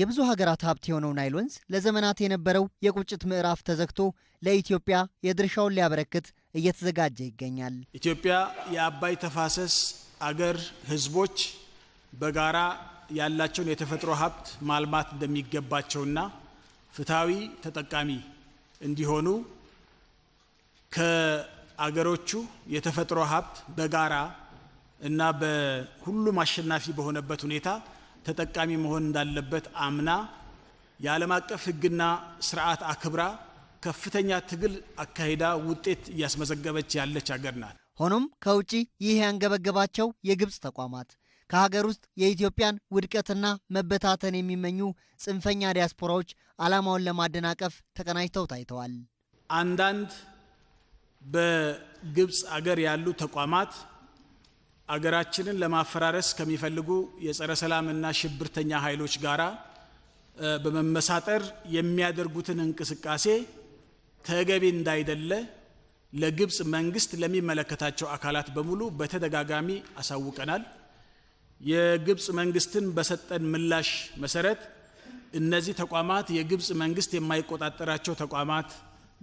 የብዙ ሀገራት ሀብት የሆነው ናይል ወንዝ ለዘመናት የነበረው የቁጭት ምዕራፍ ተዘግቶ ለኢትዮጵያ የድርሻውን ሊያበረክት እየተዘጋጀ ይገኛል። ኢትዮጵያ የአባይ ተፋሰስ አገር ህዝቦች በጋራ ያላቸውን የተፈጥሮ ሀብት ማልማት እንደሚገባቸውና ፍትሐዊ ተጠቃሚ እንዲሆኑ ከአገሮቹ የተፈጥሮ ሀብት በጋራ እና በሁሉም አሸናፊ በሆነበት ሁኔታ ተጠቃሚ መሆን እንዳለበት አምና የዓለም አቀፍ ሕግና ስርዓት አክብራ ከፍተኛ ትግል አካሂዳ ውጤት እያስመዘገበች ያለች ሀገር ናት። ሆኖም ከውጪ ይህ ያንገበገባቸው የግብፅ ተቋማት ከሀገር ውስጥ የኢትዮጵያን ውድቀትና መበታተን የሚመኙ ጽንፈኛ ዲያስፖራዎች ዓላማውን ለማደናቀፍ ተቀናጅተው ታይተዋል። አንዳንድ በግብፅ አገር ያሉ ተቋማት አገራችንን ለማፈራረስ ከሚፈልጉ የጸረ ሰላምና ሽብርተኛ ኃይሎች ጋር በመመሳጠር የሚያደርጉትን እንቅስቃሴ ተገቢ እንዳይደለ ለግብፅ መንግስት ለሚመለከታቸው አካላት በሙሉ በተደጋጋሚ አሳውቀናል። የግብፅ መንግስትን በሰጠን ምላሽ መሰረት እነዚህ ተቋማት የግብፅ መንግስት የማይቆጣጠራቸው ተቋማት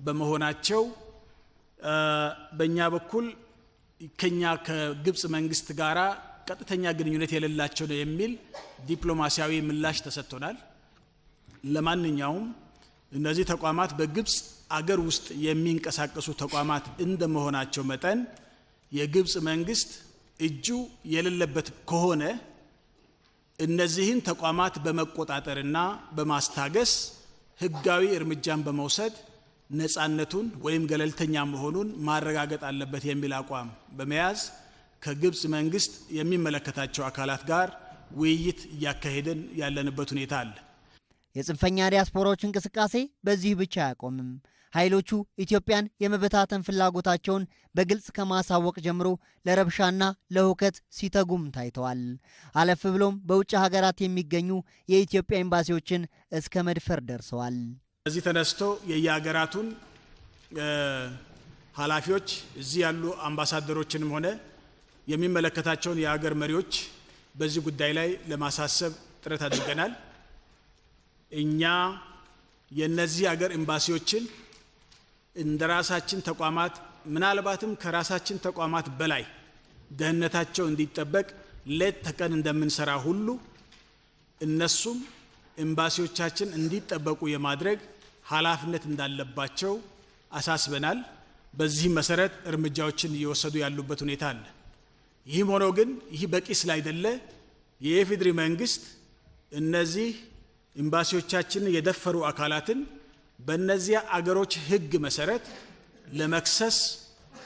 በመሆናቸው በእኛ በኩል ከኛ ከግብፅ መንግስት ጋራ ቀጥተኛ ግንኙነት የሌላቸው ነው የሚል ዲፕሎማሲያዊ ምላሽ ተሰጥቶናል። ለማንኛውም እነዚህ ተቋማት በግብፅ አገር ውስጥ የሚንቀሳቀሱ ተቋማት እንደመሆናቸው መጠን የግብፅ መንግስት እጁ የሌለበት ከሆነ እነዚህን ተቋማት በመቆጣጠርና በማስታገስ ህጋዊ እርምጃን በመውሰድ ነፃነቱን ወይም ገለልተኛ መሆኑን ማረጋገጥ አለበት የሚል አቋም በመያዝ ከግብፅ መንግስት የሚመለከታቸው አካላት ጋር ውይይት እያካሄድን ያለንበት ሁኔታ አለ። የጽንፈኛ ዲያስፖራዎች እንቅስቃሴ በዚህ ብቻ አያቆምም። ኃይሎቹ ኢትዮጵያን የመበታተን ፍላጎታቸውን በግልጽ ከማሳወቅ ጀምሮ ለረብሻና ለሁከት ሲተጉም ታይተዋል። አለፍ ብሎም በውጭ ሀገራት የሚገኙ የኢትዮጵያ ኤምባሲዎችን እስከ መድፈር ደርሰዋል። እዚህ ተነስቶ የየሀገራቱን ኃላፊዎች እዚህ ያሉ አምባሳደሮችንም ሆነ የሚመለከታቸውን የሀገር መሪዎች በዚህ ጉዳይ ላይ ለማሳሰብ ጥረት አድርገናል። እኛ የእነዚህ ሀገር ኤምባሲዎችን እንደ ራሳችን ተቋማት ምናልባትም ከራሳችን ተቋማት በላይ ደህንነታቸው እንዲጠበቅ ሌት ተቀን እንደምንሰራ ሁሉ እነሱም ኤምባሲዎቻችን እንዲጠበቁ የማድረግ ኃላፊነት እንዳለባቸው አሳስበናል። በዚህ መሰረት እርምጃዎችን እየወሰዱ ያሉበት ሁኔታ አለ። ይህም ሆኖ ግን ይህ በቂ ስላይደለ የኢፌዴሪ መንግስት እነዚህ ኤምባሲዎቻችንን የደፈሩ አካላትን በእነዚያ አገሮች ሕግ መሰረት ለመክሰስ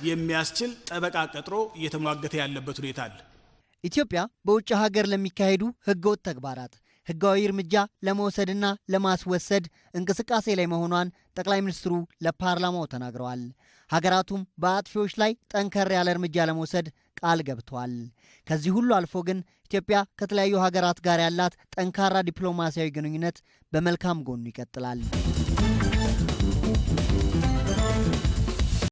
የሚያስችል ጠበቃ ቀጥሮ እየተሟገተ ያለበት ሁኔታ አለ። ኢትዮጵያ በውጭ ሀገር ለሚካሄዱ ሕገወጥ ተግባራት ሕጋዊ እርምጃ ለመውሰድና ለማስወሰድ እንቅስቃሴ ላይ መሆኗን ጠቅላይ ሚኒስትሩ ለፓርላማው ተናግረዋል። ሀገራቱም በአጥፊዎች ላይ ጠንከር ያለ እርምጃ ለመውሰድ ቃል ገብተዋል። ከዚህ ሁሉ አልፎ ግን ኢትዮጵያ ከተለያዩ ሀገራት ጋር ያላት ጠንካራ ዲፕሎማሲያዊ ግንኙነት በመልካም ጎኑ ይቀጥላል።